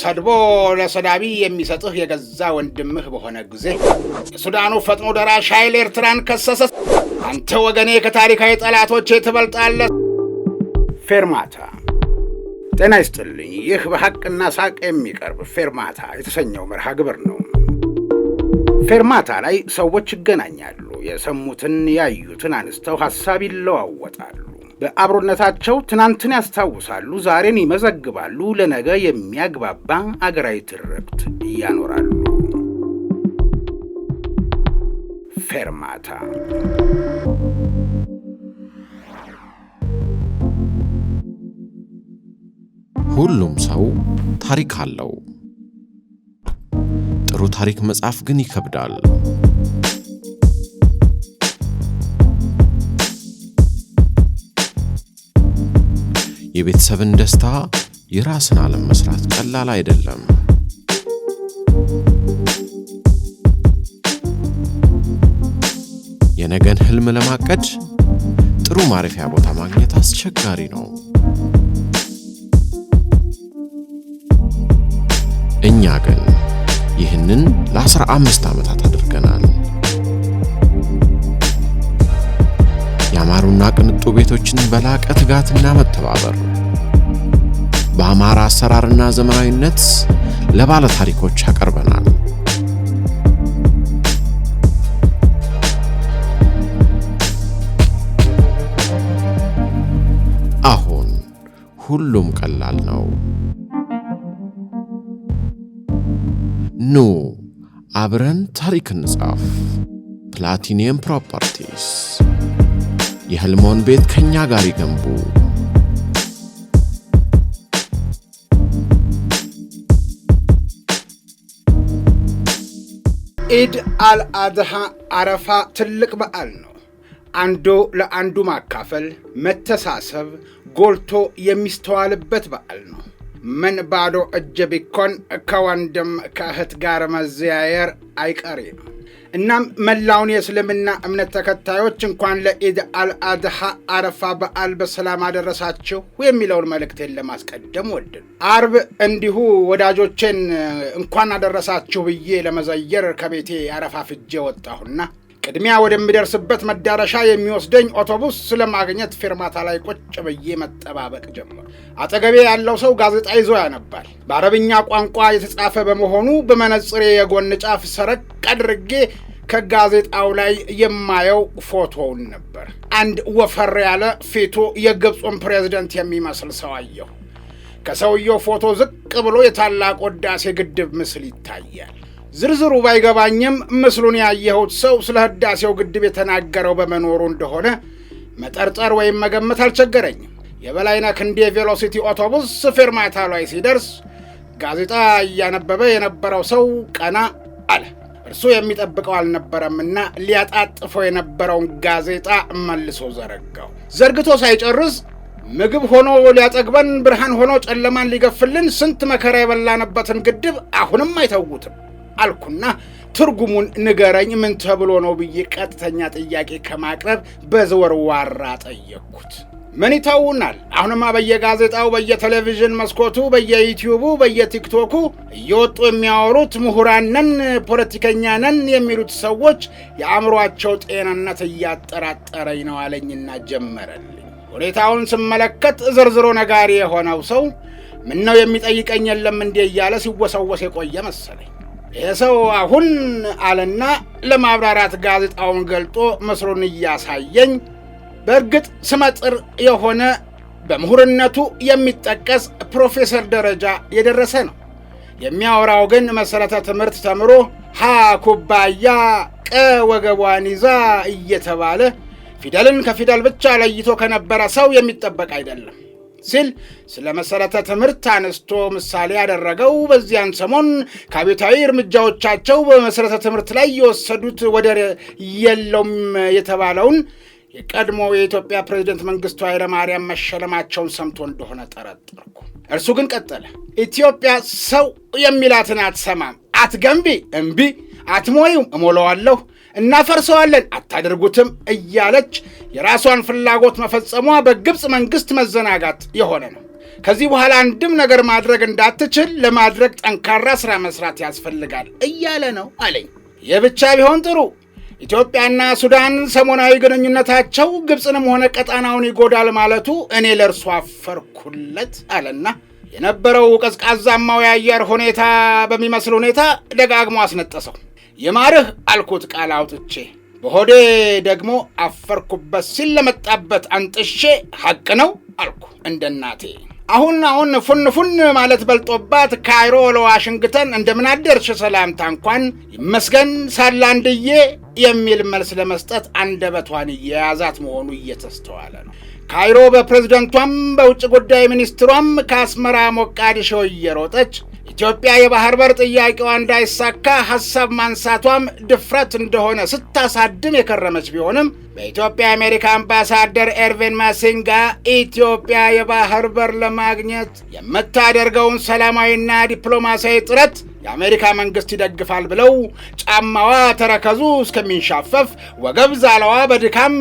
ሰድቦ ለሰዳቢ የሚሰጥህ የገዛ ወንድምህ በሆነ ጊዜ የሱዳኑ ፈጥኖ ደራሽ ኃይል ኤርትራን ከሰሰ። አንተ ወገኔ ከታሪካዊ ጠላቶቼ ትበልጣለህ። ፌርማታ ጤና ይስጥልኝ። ይህ በሐቅና ሳቅ የሚቀርብ ፌርማታ የተሰኘው መርሃ ግብር ነው። ፌርማታ ላይ ሰዎች ይገናኛሉ። የሰሙትን ያዩትን አንስተው ሐሳብ ይለዋወጣሉ። በአብሮነታቸው ትናንትን ያስታውሳሉ፣ ዛሬን ይመዘግባሉ፣ ለነገ የሚያግባባ አገራዊ ትርክት እያኖራሉ። ፌርማታ ሁሉም ሰው ታሪክ አለው። ጥሩ ታሪክ መጻፍ ግን ይከብዳል። የቤተሰብን ደስታ፣ የራስን ዓለም መስራት ቀላል አይደለም። የነገን ህልም ለማቀድ ጥሩ ማረፊያ ቦታ ማግኘት አስቸጋሪ ነው። እኛ ግን ይህንን ለ15 ዓመታት አድርገናል። ያማሩና ቅንጡ ቤቶችን በላቀ ትጋትና መተባበር በአማራ አሰራርና ዘመናዊነት ለባለ ታሪኮች ያቀርበናል። አሁን ሁሉም ቀላል ነው። ኑ አብረን ታሪክ እንጻፍ። ፕላቲኒየም ፕሮፐርቲስ የህልሞን ቤት ከእኛ ጋር ይገንቡ። ኢድ አልአድሃ አረፋ ትልቅ በዓል ነው። አንዱ ለአንዱ ማካፈል፣ መተሳሰብ ጎልቶ የሚስተዋልበት በዓል ነው። ምን ባዶ እጅ ቢኮን ከወንድም ከእህት ጋር መዘያየር አይቀሬ ነው። እናም መላውን የእስልምና እምነት ተከታዮች እንኳን ለኢድ አልአድሃ አረፋ በዓል በሰላም አደረሳችሁ የሚለውን መልእክቴን ለማስቀደም ወድን። አርብ እንዲሁ ወዳጆቼን እንኳን አደረሳችሁ ብዬ ለመዘየር ከቤቴ አረፋ ፍጄ ወጣሁና ቅድሚያ ወደሚደርስበት መዳረሻ የሚወስደኝ ኦቶቡስ ስለማግኘት ፌርማታ ላይ ቁጭ ብዬ መጠባበቅ ጀመሩ። አጠገቤ ያለው ሰው ጋዜጣ ይዞ ያነባል። በአረብኛ ቋንቋ የተጻፈ በመሆኑ በመነጽሬ የጎን ጫፍ ሰረቅ አድርጌ ከጋዜጣው ላይ የማየው ፎቶውን ነበር። አንድ ወፈር ያለ ፊቱ የግብፁን ፕሬዝደንት የሚመስል ሰው አየሁ። ከሰውየው ፎቶ ዝቅ ብሎ የታላቁ ሕዳሴ ግድብ ምስል ይታያል። ዝርዝሩ ባይገባኝም ምስሉን ያየሁት ሰው ስለ ህዳሴው ግድብ የተናገረው በመኖሩ እንደሆነ መጠርጠር ወይም መገመት አልቸገረኝም። የበላይነህ ክንዴ ቬሎሲቲ አውቶቡስ ፌርማታ ላይ ሲደርስ ጋዜጣ እያነበበ የነበረው ሰው ቀና አለ። እርሱ የሚጠብቀው አልነበረምና ሊያጣጥፈው የነበረውን ጋዜጣ መልሶ ዘረጋው። ዘርግቶ ሳይጨርስ ምግብ ሆኖ ሊያጠግበን፣ ብርሃን ሆኖ ጨለማን ሊገፍልን ስንት መከራ የበላንበትን ግድብ አሁንም አይተውትም አልኩና ትርጉሙን ንገረኝ ምን ተብሎ ነው ብዬ ቀጥተኛ ጥያቄ ከማቅረብ በዘወርዋራ ጠየቅኩት። ምን ይተውናል? አሁንማ በየጋዜጣው በየቴሌቪዥን መስኮቱ በየዩትዩቡ በየቲክቶኩ እየወጡ የሚያወሩት ምሁራን ነን፣ ፖለቲከኛ ነን የሚሉት ሰዎች የአእምሯቸው ጤንነት እያጠራጠረኝ ነው አለኝና ጀመረልኝ። ሁኔታውን ስመለከት ዝርዝሮ ነጋሪ የሆነው ሰው ምን ነው የሚጠይቀኝ የለም እንዴ እያለ ሲወሰወስ የቆየ መሰለኝ። ይህ ሰው አሁን አለና ለማብራራት ጋዜጣውን ገልጦ ምስሩን እያሳየኝ በእርግጥ ስመጥር የሆነ በምሁርነቱ የሚጠቀስ ፕሮፌሰር ደረጃ የደረሰ ነው። የሚያወራው ግን መሠረተ ትምህርት ተምሮ ሀ ኩባያ ቀ ወገቧን ይዛ እየተባለ ፊደልን ከፊደል ብቻ ለይቶ ከነበረ ሰው የሚጠበቅ አይደለም ሲል ስለ መሠረተ ትምህርት አነስቶ ምሳሌ ያደረገው በዚያን ሰሞን ከቤታዊ እርምጃዎቻቸው በመሠረተ ትምህርት ላይ የወሰዱት ወደር የለውም የተባለውን የቀድሞ የኢትዮጵያ ፕሬዝደንት መንግስቱ ኃይለማርያም መሸለማቸውን ሰምቶ እንደሆነ ጠረጠርኩ። እርሱ ግን ቀጠለ። ኢትዮጵያ ሰው የሚላትን አትሰማም። አትገንቢ፣ እምቢ፣ አትሞዩም፣ እሞለዋለሁ እናፈርሰዋለን፣ አታደርጉትም እያለች የራሷን ፍላጎት መፈጸሟ በግብፅ መንግስት መዘናጋት የሆነ ነው። ከዚህ በኋላ አንድም ነገር ማድረግ እንዳትችል ለማድረግ ጠንካራ ስራ መስራት ያስፈልጋል እያለ ነው አለኝ። የብቻ ቢሆን ጥሩ ኢትዮጵያና ሱዳን ሰሞናዊ ግንኙነታቸው ግብፅንም ሆነ ቀጣናውን ይጎዳል ማለቱ እኔ ለእርሱ አፈርኩለት አለና የነበረው ቀዝቃዛማው የአየር ሁኔታ በሚመስል ሁኔታ ደጋግሞ አስነጠሰው። የማርህ አልኩት ቃል አውጥቼ፣ በሆዴ ደግሞ አፈርኩበት ሲል ለመጣበት አንጥሼ ሐቅ ነው አልኩ እንደ እናቴ። አሁን አሁን ፉን ፉን ማለት በልጦባት ካይሮ ለዋሽንግተን እንደምን አደርሽ ሰላምታ እንኳን ይመስገን ሳላንድዬ የሚል መልስ ለመስጠት አንደበቷን እየያዛት መሆኑ እየተስተዋለ ነው። ካይሮ በፕሬዝደንቷም በውጭ ጉዳይ ሚኒስትሯም ከአስመራ ሞቃዲሾ እየሮጠች ኢትዮጵያ የባህር በር ጥያቄዋ እንዳይሳካ ሐሳብ ማንሳቷም ድፍረት እንደሆነ ስታሳድም የከረመች ቢሆንም በኢትዮጵያ የአሜሪካ አምባሳደር ኤርቬን ማሲንጋ ኢትዮጵያ የባህር በር ለማግኘት የምታደርገውን ሰላማዊና ዲፕሎማሲያዊ ጥረት የአሜሪካ መንግስት ይደግፋል ብለው ጫማዋ ተረከዙ እስከሚንሻፈፍ ወገብ ዛለዋ በድካም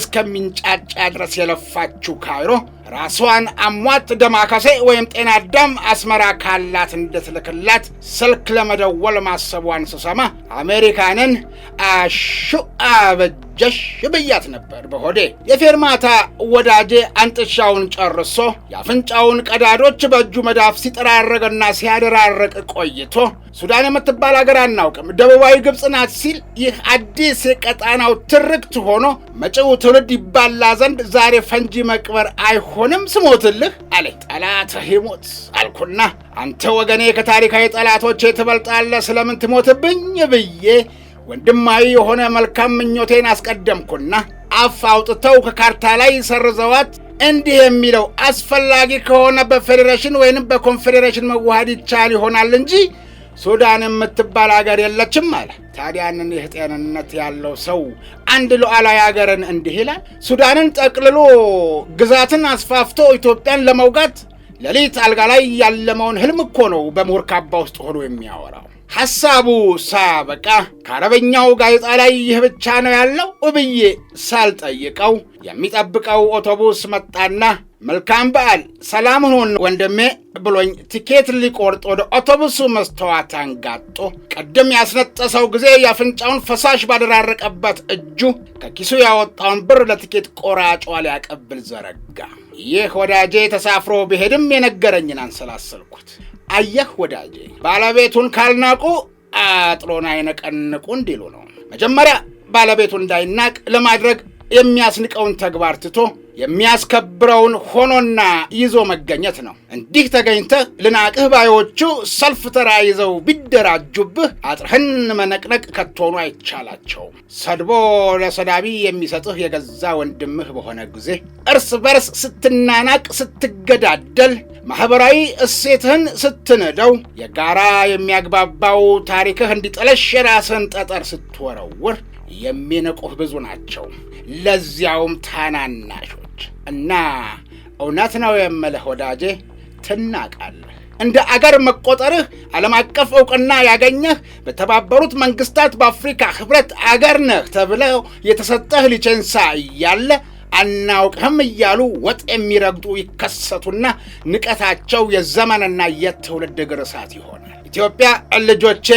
እስከሚንጫጫ ድረስ የለፋችው ካይሮ ራሷን አሟት ደማከሴ ወይም ጤና አዳም አስመራ ካላት እንድትልክላት ስልክ ለመደወል ማሰቧን ስሰማ አሜሪካንን አሹ አበጅ ጀሽ ብያት ነበር በሆዴ የፌርማታ ወዳጄ አንጥሻውን ጨርሶ የአፍንጫውን ቀዳዶች በእጁ መዳፍ ሲጠራረቅና ሲያደራረቅ ቆይቶ ሱዳን የምትባል አገር አናውቅም፣ ደቡባዊ ግብፅ ናት ሲል ይህ አዲስ የቀጣናው ትርክት ሆኖ መጪው ትውልድ ይባላ ዘንድ ዛሬ ፈንጂ መቅበር አይሆንም ስሞትልህ አለ። ጠላትህ ይሞት አልኩና አንተ ወገኔ ከታሪካዊ ጠላቶቼ ትበልጣለህ፣ ስለምን ትሞትብኝ ብዬ ወንድማዊ የሆነ መልካም ምኞቴን አስቀደምኩና አፍ አውጥተው ከካርታ ላይ ሰርዘዋት እንዲህ የሚለው አስፈላጊ ከሆነ በፌዴሬሽን ወይንም በኮንፌዴሬሽን መዋሃድ ይቻል ይሆናል እንጂ ሱዳን የምትባል አገር የለችም አለ። ታዲያንን ይህ ጤንነት ያለው ሰው አንድ ሉዓላዊ አገርን እንዲህ ይላል? ሱዳንን ጠቅልሎ ግዛትን አስፋፍቶ ኢትዮጵያን ለመውጋት ሌሊት አልጋ ላይ ያለመውን ህልም እኮ ነው በምሁር ካባ ውስጥ ሆኖ የሚያወራው። ሐሳቡ ሳበቃ ከአረበኛው ጋዜጣ ላይ ይህ ብቻ ነው ያለው ውብዬ ሳልጠይቀው የሚጠብቀው አውቶቡስ መጣና መልካም በዓል ሰላም ሁን ወንድሜ ብሎኝ ቲኬት ሊቆርጥ ወደ አውቶቡሱ መስተዋት አንጋጦ ቅድም ያስነጠሰው ጊዜ የአፍንጫውን ፈሳሽ ባደራረቀበት እጁ ከኪሱ ያወጣውን ብር ለቲኬት ቆራጯ ሊያቀብል ዘረጋ። ይህ ወዳጄ ተሳፍሮ ብሄድም የነገረኝን አንሰላሰልኩት። አየህ ወዳጄ ባለቤቱን ካልናቁ አጥሮን አይነቀንቁ እንዲሉ ነው። መጀመሪያ ባለቤቱ እንዳይናቅ ለማድረግ የሚያስንቀውን ተግባር ትቶ የሚያስከብረውን ሆኖና ይዞ መገኘት ነው። እንዲህ ተገኝተህ ልናቅህ ባዮቹ ሰልፍ ተራ ይዘው ቢደራጁብህ አጥርህን መነቅነቅ ከቶኑ አይቻላቸውም። ሰድቦ ለሰዳቢ የሚሰጥህ የገዛ ወንድምህ በሆነ ጊዜ እርስ በርስ ስትናናቅ፣ ስትገዳደል፣ ማኅበራዊ እሴትህን ስትንደው፣ የጋራ የሚያግባባው ታሪክህ እንዲጠለሽ የራስህን ጠጠር ስትወረውር የሚነቁህ ብዙ ናቸው፣ ለዚያውም ታናናሾች። እና እውነት ነው የምልህ ወዳጄ ትናቃለህ። እንደ አገር መቆጠርህ ዓለም አቀፍ ዕውቅና ያገኘህ በተባበሩት መንግስታት በአፍሪካ ህብረት አገር ነህ ተብለው የተሰጠህ ሊቼንሳ እያለ አናውቅህም እያሉ ወጥ የሚረግጡ ይከሰቱና ንቀታቸው የዘመንና የትውልድ ግርሳት ይሆናል። ኢትዮጵያ ልጆቼ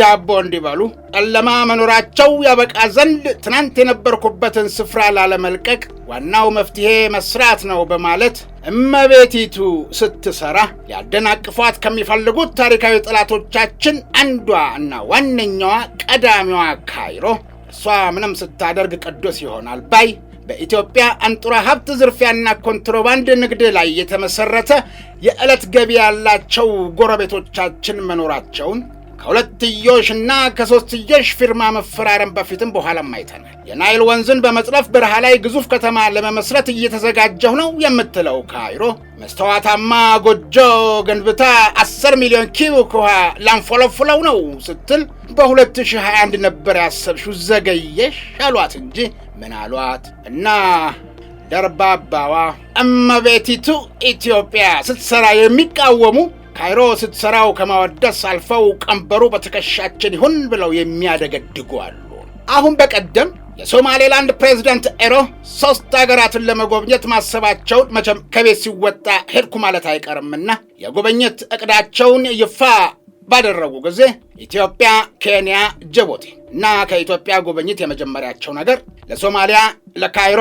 ዳቦ እንዲበሉ ጨለማ መኖራቸው ያበቃ ዘንድ ትናንት የነበርኩበትን ስፍራ ላለመልቀቅ ዋናው መፍትሔ መስራት ነው በማለት እመቤቲቱ ስትሰራ ሊያደናቅፏት ከሚፈልጉት ታሪካዊ ጠላቶቻችን አንዷ እና ዋነኛዋ ቀዳሚዋ ካይሮ እሷ ምንም ስታደርግ ቅዱስ ይሆናል ባይ በኢትዮጵያ አንጡራ ሀብት ዝርፊያና ኮንትሮባንድ ንግድ ላይ የተመሰረተ የዕለት ገቢ ያላቸው ጎረቤቶቻችን መኖራቸውን ከሁለትዮሽና ከሶስትዮሽ ፊርማ መፈራረም በፊትም በኋላም አይተናል። የናይል ወንዝን በመጥለፍ በረሃ ላይ ግዙፍ ከተማ ለመመስረት እየተዘጋጀሁ ነው የምትለው ካይሮ መስተዋታማ ጎጆ ገንብታ 10 ሚሊዮን ኪዩቢክ ውሃ ላንፎለፍለው ነው ስትል በ2021 ነበር ያሰብሽው ዘገየሽ አሏት እንጂ ምን አሏት እና ደርባባዋ እመቤቲቱ ኢትዮጵያ ስትሰራ የሚቃወሙ ካይሮ ስትሰራው ከማወደስ አልፈው ቀንበሩ በትከሻችን ይሁን ብለው የሚያደገድጉ አሉ። አሁን በቀደም የሶማሌላንድ ፕሬዚደንት ኤሮ ሶስት አገራትን ለመጎብኘት ማሰባቸውን መቼም ከቤት ሲወጣ ሄድኩ ማለት አይቀርምና የጉብኝት እቅዳቸውን ይፋ ባደረጉ ጊዜ ኢትዮጵያ፣ ኬንያ፣ ጅቡቲ እና ከኢትዮጵያ ጉብኝት የመጀመሪያቸው ነገር ለሶማሊያ ለካይሮ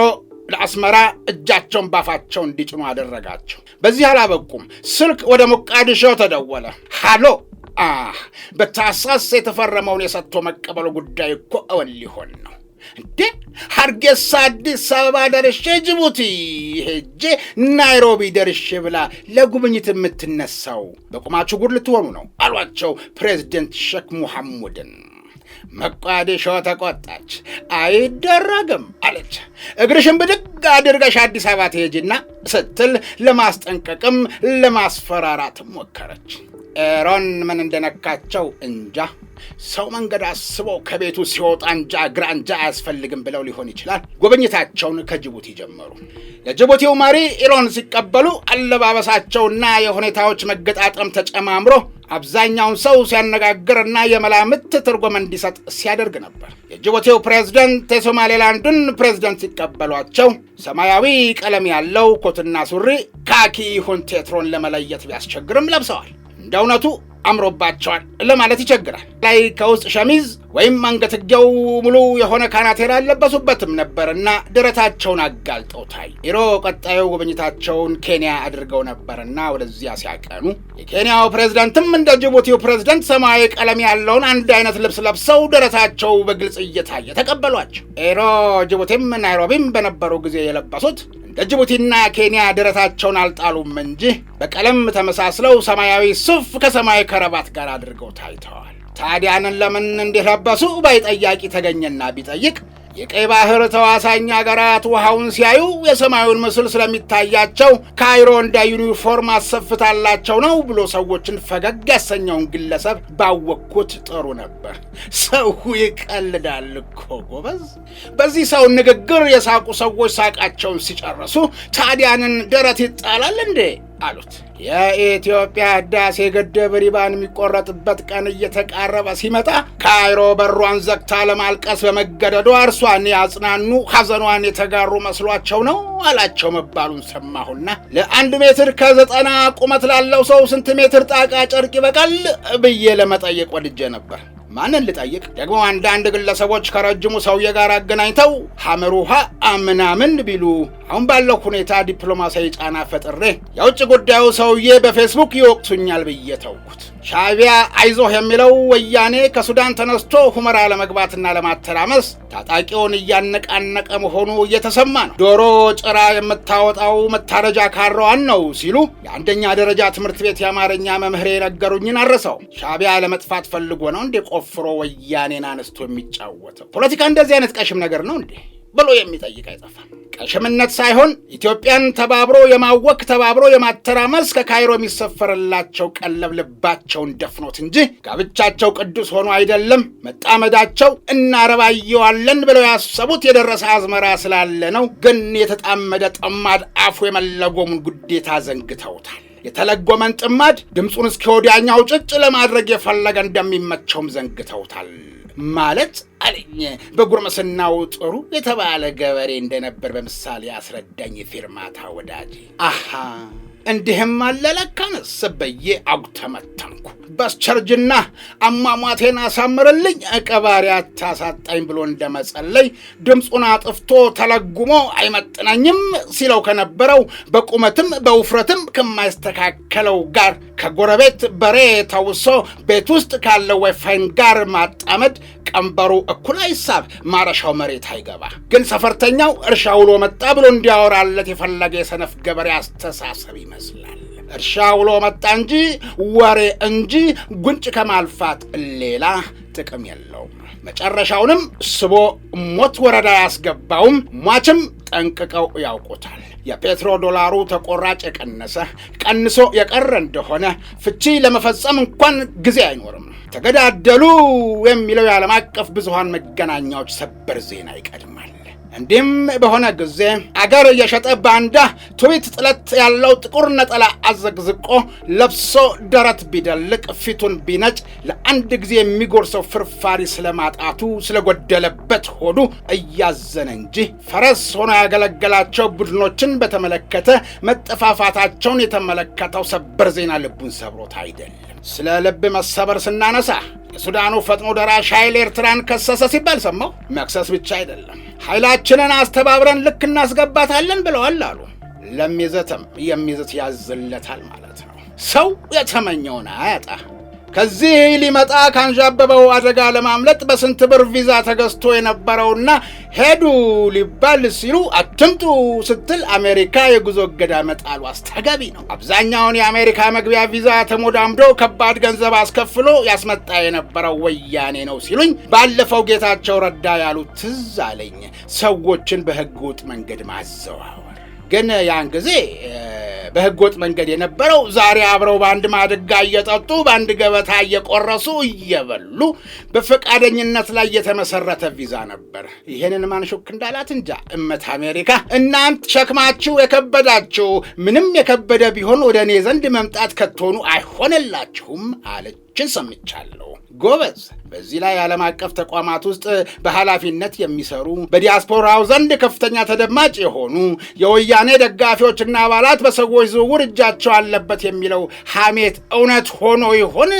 ለአስመራ እጃቸውን ባፋቸው እንዲጭኑ አደረጋቸው። በዚህ አላበቁም። ስልክ ወደ ሞቃዲሾ ተደወለ። ሃሎ አህ በታህሳስ የተፈረመውን የሰጥቶ መቀበሉ ጉዳይ እኮ እውን ሊሆን ነው እንዴ? ሀርጌሳ አዲስ አበባ ደርሼ ጅቡቲ ሄጄ ናይሮቢ ደርሼ ብላ ለጉብኝት የምትነሳው በቁማችሁ ጉድ ልትሆኑ ነው አሏቸው ፕሬዚደንት ሼክ ሙሐሙድን። መቋዲሾ ተቆጣች። አይደረግም አለች። እግርሽን ብድግ አድርገሽ አዲስ አበባ ትሄጂና ስትል ለማስጠንቀቅም ለማስፈራራት ሞከረች። ኤሮን ምን እንደነካቸው እንጃ። ሰው መንገድ አስበው ከቤቱ ሲወጣ እንጃ እግራ እንጃ አያስፈልግም ብለው ሊሆን ይችላል ጉብኝታቸውን ከጅቡቲ ጀመሩ። የጅቡቲው መሪ ኢሎን ሲቀበሉ አለባበሳቸውና የሁኔታዎች መገጣጠም ተጨማምሮ አብዛኛውን ሰው ሲያነጋግርና የመላምት ትርጉም እንዲሰጥ ሲያደርግ ነበር። የጅቡቲው ፕሬዝደንት የሶማሌላንዱን ፕሬዝደንት ሲቀበሏቸው ሰማያዊ ቀለም ያለው ኮትና ሱሪ ካኪ ይሁን ቴትሮን ለመለየት ቢያስቸግርም ለብሰዋል። እንደ እውነቱ አምሮባቸዋል ለማለት ይቸግራል። ላይ ከውስጥ ሸሚዝ ወይም አንገትጌው ሙሉ የሆነ ካናቴራ አለበሱበትም ነበር እና ደረታቸውን አጋልጠው ኢሮ ቀጣዩ ጉብኝታቸውን ኬንያ አድርገው ነበርና ወደዚያ ሲያቀኑ የኬንያው ፕሬዝደንትም እንደ ጅቡቲው ፕሬዝደንት ሰማያዊ ቀለም ያለውን አንድ አይነት ልብስ ለብሰው ደረታቸው በግልጽ እየታየ ተቀበሏቸው። ኢሮ ጅቡቲም ናይሮቢም በነበሩ ጊዜ የለበሱት እንደ ጅቡቲና ኬንያ ደረታቸውን አልጣሉም እንጂ በቀለም ተመሳስለው ሰማያዊ ሱፍ ከሰማያዊ ከረባት ጋር አድርገው ታይተዋል። ታዲያንን ለምን እንዲህ ለበሱ ባይ ጠያቂ ተገኘና ቢጠይቅ የቀይ ባህር ተዋሳኝ አገራት ውሃውን ሲያዩ የሰማዩን ምስል ስለሚታያቸው ካይሮ እንደ ዩኒፎርም አሰፍታላቸው ነው ብሎ ሰዎችን ፈገግ ያሰኘውን ግለሰብ ባወቅኩት ጥሩ ነበር። ሰው ይቀልዳል እኮ ጎበዝ። በዚህ ሰው ንግግር የሳቁ ሰዎች ሳቃቸውን ሲጨርሱ ታዲያንን ደረት ይጣላል እንዴ? አሉት። የኢትዮጵያ ህዳሴ ግድብ ሪባን የሚቆረጥበት ቀን እየተቃረበ ሲመጣ ካይሮ በሯን ዘግታ ለማልቀስ በመገደዷ እርሷን ያጽናኑ ሐዘኗን የተጋሩ መስሏቸው ነው አላቸው መባሉን ሰማሁና ለአንድ ሜትር ከዘጠና ቁመት ላለው ሰው ስንት ሜትር ጣቃ ጨርቅ ይበቃል ብዬ ለመጠየቅ ወድጄ ነበር። ማንን ልጠይቅ? ደግሞ አንዳንድ ግለሰቦች ከረጅሙ ሰውዬ ጋር አገናኝተው ሐመር ውሃ አምናምን ቢሉ አሁን ባለው ሁኔታ ዲፕሎማሲያዊ ጫና ፈጥሬ የውጭ ጉዳዩ ሰውዬ በፌስቡክ ይወቅቱኛል ብዬ ተውኩት። ሻዕቢያ አይዞህ የሚለው ወያኔ ከሱዳን ተነስቶ ሁመራ ለመግባትና ለማተራመስ ታጣቂውን እያነቃነቀ መሆኑ እየተሰማ ነው። ዶሮ ጭራ የምታወጣው መታረጃ ካረዋን ነው ሲሉ የአንደኛ ደረጃ ትምህርት ቤት የአማርኛ መምህሬ የነገሩኝን አረሰው። ሻዕቢያ ለመጥፋት ፈልጎ ነው እንዴ ቆፍሮ ወያኔን አነስቶ የሚጫወተው? ፖለቲካ እንደዚህ አይነት ቀሽም ነገር ነው እንዴ? ብሎ የሚጠይቅ አይጠፋም። ቀሽምነት ሳይሆን ኢትዮጵያን ተባብሮ የማወክ ተባብሮ የማተራመስ ከካይሮ የሚሰፈርላቸው ቀለብ ልባቸውን ደፍኖት እንጂ ጋብቻቸው ቅዱስ ሆኖ አይደለም። መጣመዳቸው እናረባየዋለን ብለው ያሰቡት የደረሰ አዝመራ ስላለ ነው። ግን የተጣመደ ጠማድ አፉ የመለጎሙን ጉዴታ ዘንግተውታል። የተለጎመን ጥማድ ድምፁን እስከ ወዲያኛው ጭጭ ለማድረግ የፈለገ እንደሚመቸውም ዘንግተውታል ማለት አለኝ። በጉርምስናው ጥሩ የተባለ ገበሬ እንደነበር በምሳሌ አስረዳኝ። ፊርማታ ወዳጅ አሃ እንዲህም አለለካን ስብዬ አጉተመተምኩ። በስቸርጅና አሟሟቴን አሳምርልኝ ቀባሪ አታሳጣኝ ብሎ እንደመጸለይ ድምፁን አጥፍቶ ተለጉሞ አይመጥነኝም ሲለው ከነበረው በቁመትም በውፍረትም ከማይስተካከለው ጋር ከጎረቤት በሬ ተውሶ ቤት ውስጥ ካለው ወይፋይን ጋር ማጣመድ ቀንበሩ እኩል አይሳብ፣ ማረሻው መሬት አይገባ። ግን ሰፈርተኛው እርሻ ውሎ መጣ ብሎ እንዲያወራለት የፈለገ የሰነፍ ገበሬ አስተሳሰብ ይመስላል። እርሻ ውሎ መጣ እንጂ ወሬ እንጂ ጉንጭ ከማልፋት ሌላ ጥቅም የለውም። መጨረሻውንም ስቦ ሞት ወረዳ ያስገባውም ሟችም ጠንቅቀው ያውቁታል። የፔትሮ ዶላሩ ተቆራጭ የቀነሰ ቀንሶ የቀረ እንደሆነ ፍቺ ለመፈጸም እንኳን ጊዜ አይኖርም። ተገዳደሉ የሚለው የዓለም አቀፍ ብዙሃን መገናኛዎች ሰበር ዜና ይቀድማል። እንዲህም በሆነ ጊዜ አገር የሸጠ ባንዳ ትዊት ጥለት ያለው ጥቁር ነጠላ አዘግዝቆ ለብሶ ደረት ቢደልቅ ፊቱን ቢነጭ ለአንድ ጊዜ የሚጎርሰው ፍርፋሪ ስለማጣቱ ስለጎደለበት ሆዱ እያዘነ እንጂ ፈረስ ሆኖ ያገለገላቸው ቡድኖችን በተመለከተ መጠፋፋታቸውን የተመለከተው ሰበር ዜና ልቡን ሰብሮት አይደለም። ስለ ልብ መሰበር ስናነሳ የሱዳኑ ፈጥኖ ደራሽ ኃይል ኤርትራን ከሰሰ ሲባል ሰማው። መክሰስ ብቻ አይደለም፣ ኃይላችንን አስተባብረን ልክ እናስገባታለን ብለዋል አሉ። ለሚዘተም የሚዘት ያዝለታል ማለት ነው። ሰው የተመኘውን አያጣ። ከዚህ ሊመጣ ካንዣበበው አደጋ ለማምለጥ በስንት ብር ቪዛ ተገዝቶ የነበረውና ሄዱ ሊባል ሲሉ አትምጡ ስትል አሜሪካ የጉዞ እገዳ መጣሉ አስተጋቢ ነው። አብዛኛውን የአሜሪካ መግቢያ ቪዛ ተሞዳምዶ ከባድ ገንዘብ አስከፍሎ ያስመጣ የነበረው ወያኔ ነው ሲሉኝ ባለፈው ጌታቸው ረዳ ያሉት ትዝ አለኝ። ሰዎችን በህገወጥ መንገድ ማዘዋው ግን ያን ጊዜ በህገወጥ መንገድ የነበረው ዛሬ አብረው በአንድ ማድጋ እየጠጡ በአንድ ገበታ እየቆረሱ እየበሉ በፈቃደኝነት ላይ የተመሰረተ ቪዛ ነበር። ይሄንን ማን ሹክ እንዳላት እንጃ። እመት አሜሪካ፣ እናንት ሸክማችሁ የከበዳችሁ ምንም የከበደ ቢሆን ወደ እኔ ዘንድ መምጣት ከቶኑ አይሆንላችሁም አለች። ሰዎችን ሰምቻለሁ። ጎበዝ! በዚህ ላይ ዓለም አቀፍ ተቋማት ውስጥ በኃላፊነት የሚሰሩ በዲያስፖራው ዘንድ ከፍተኛ ተደማጭ የሆኑ የወያኔ ደጋፊዎችና አባላት በሰዎች ዝውውር እጃቸው አለበት የሚለው ሐሜት እውነት ሆኖ ይሆን?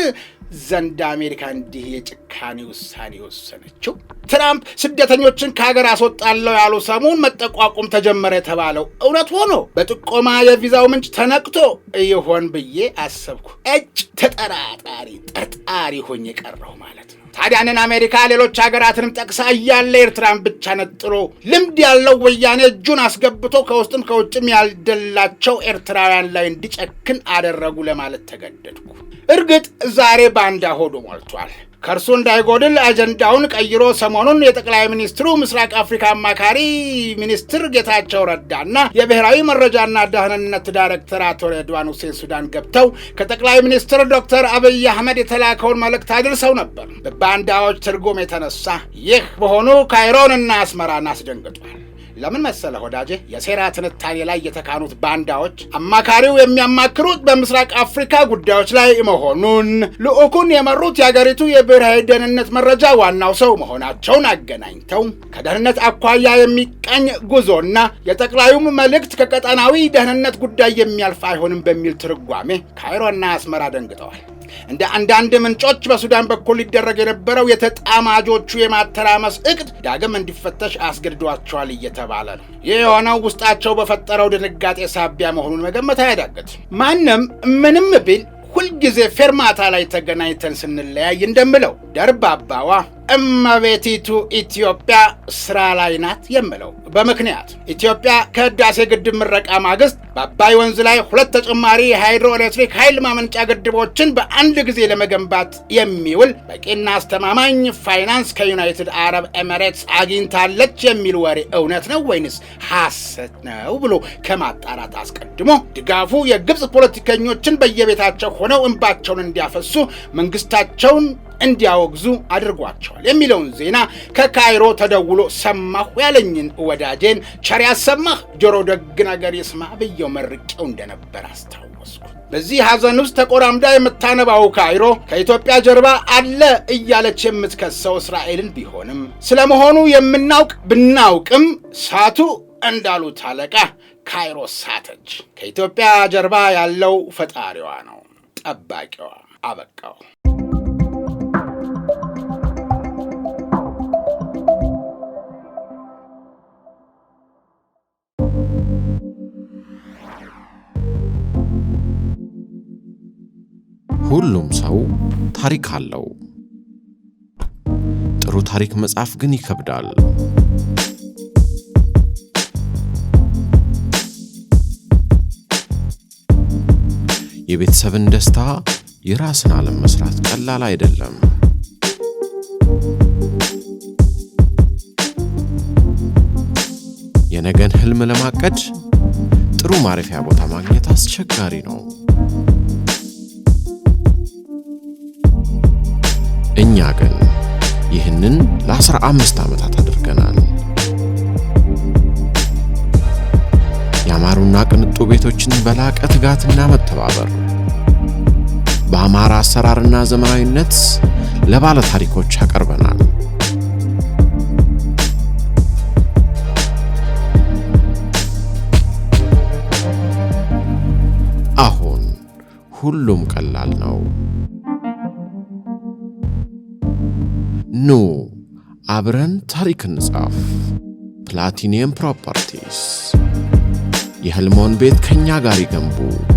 ዘንድ አሜሪካ እንዲህ የጭካኔ ውሳኔ የወሰነችው። ትራምፕ ስደተኞችን ከሀገር አስወጣለሁ ያሉ ሰሞን መጠቋቁም ተጀመረ የተባለው እውነት ሆኖ በጥቆማ የቪዛው ምንጭ ተነቅቶ ይሆን ብዬ አሰብኩ። እጭ ተጠራጣሪ ጠርጥ ፈጣሪ ሆኜ የቀረው ማለት ነው። ታዲያንን አሜሪካ ሌሎች ሀገራትንም ጠቅሳ እያለ ኤርትራን ብቻ ነጥሎ ልምድ ያለው ወያኔ እጁን አስገብቶ ከውስጥም ከውጭም ያልደላቸው ኤርትራውያን ላይ እንዲጨክን አደረጉ ለማለት ተገደድኩ። እርግጥ ዛሬ ባንዳ ሆዶ ሞልቷል። ከእርሱ እንዳይጎድል አጀንዳውን ቀይሮ ሰሞኑን የጠቅላይ ሚኒስትሩ ምስራቅ አፍሪካ አማካሪ ሚኒስትር ጌታቸው ረዳና የብሔራዊ መረጃና ደህንነት ዳይሬክተር አቶ ሬድዋን ሁሴን ሱዳን ገብተው ከጠቅላይ ሚኒስትር ዶክተር አብይ አህመድ የተላከውን መልእክት አድርሰው ነበር። በባንዳዎች ትርጉም የተነሳ ይህ በሆኑ ካይሮንና አስመራን አስደንግጧል። ለምን መሰለ ወዳጄ፣ የሴራ ትንታኔ ላይ የተካኑት ባንዳዎች አማካሪው የሚያማክሩት በምስራቅ አፍሪካ ጉዳዮች ላይ መሆኑን፣ ልዑኩን የመሩት የአገሪቱ የብሔራዊ ደህንነት መረጃ ዋናው ሰው መሆናቸውን አገናኝተው ከደህንነት አኳያ የሚቀኝ ጉዞና የጠቅላዩም መልእክት ከቀጠናዊ ደህንነት ጉዳይ የሚያልፍ አይሆንም በሚል ትርጓሜ ካይሮና አስመራ ደንግጠዋል። እንደ አንዳንድ ምንጮች በሱዳን በኩል ሊደረግ የነበረው የተጣማጆቹ የማተራመስ እቅድ ዳግም እንዲፈተሽ አስገድዷቸዋል እየተባለ ነው። ይህ የሆነው ውስጣቸው በፈጠረው ድንጋጤ ሳቢያ መሆኑን መገመት አያዳግትም። ማንም ምንም ቢል ሁልጊዜ ፌርማታ ላይ ተገናኝተን ስንለያይ እንደምለው ደርባባዋ እመቤቲቱ ኢትዮጵያ ስራ ላይ ናት የምለው በምክንያት ኢትዮጵያ ከህዳሴ ግድብ ምረቃ ማግስት በአባይ ወንዝ ላይ ሁለት ተጨማሪ የሃይድሮ ኤሌክትሪክ ኃይል ማመንጫ ግድቦችን በአንድ ጊዜ ለመገንባት የሚውል በቂና አስተማማኝ ፋይናንስ ከዩናይትድ አረብ ኤምሬትስ አግኝታለች የሚል ወሬ እውነት ነው ወይንስ ሐሰት ነው ብሎ ከማጣራት አስቀድሞ ድጋፉ የግብፅ ፖለቲከኞችን በየቤታቸው ሆነው እንባቸውን እንዲያፈሱ መንግስታቸውን እንዲያወግዙ አድርጓቸዋል የሚለውን ዜና ከካይሮ ተደውሎ ሰማሁ ያለኝን ወደ ወዳጄን ቸር ያሰማህ ጆሮ ደግ ነገር ይስማ ብየው መርቄው እንደነበር አስታወስኩ። በዚህ ሐዘን ውስጥ ተቆራምዳ የምታነባው ካይሮ ከኢትዮጵያ ጀርባ አለ እያለች የምትከሰው እስራኤልን ቢሆንም ስለመሆኑ የምናውቅ ብናውቅም ሳቱ እንዳሉት አለቃ ካይሮ ሳተች። ከኢትዮጵያ ጀርባ ያለው ፈጣሪዋ ነው፣ ጠባቂዋ። አበቃው። ሁሉም ሰው ታሪክ አለው። ጥሩ ታሪክ መጻፍ ግን ይከብዳል። የቤተሰብን ደስታ፣ የራስን ዓለም መስራት ቀላል አይደለም። የነገን ህልም ለማቀድ ጥሩ ማረፊያ ቦታ ማግኘት አስቸጋሪ ነው። እኛ ግን ይህንን ለአስራ አምስት ዓመታት አድርገናል። ያማሩና ቅንጡ ቤቶችን በላቀ ትጋትና መተባበር በአማራ አሰራርና ዘመናዊነት ለባለ ታሪኮች አቀርበናል። አሁን ሁሉም ቀላል ነው። ኑ አብረን ታሪክ እንጻፍ። ፕላቲኒየም ፕሮፐርቲስ የህልሞን ቤት ከእኛ ጋር ይገንቡ።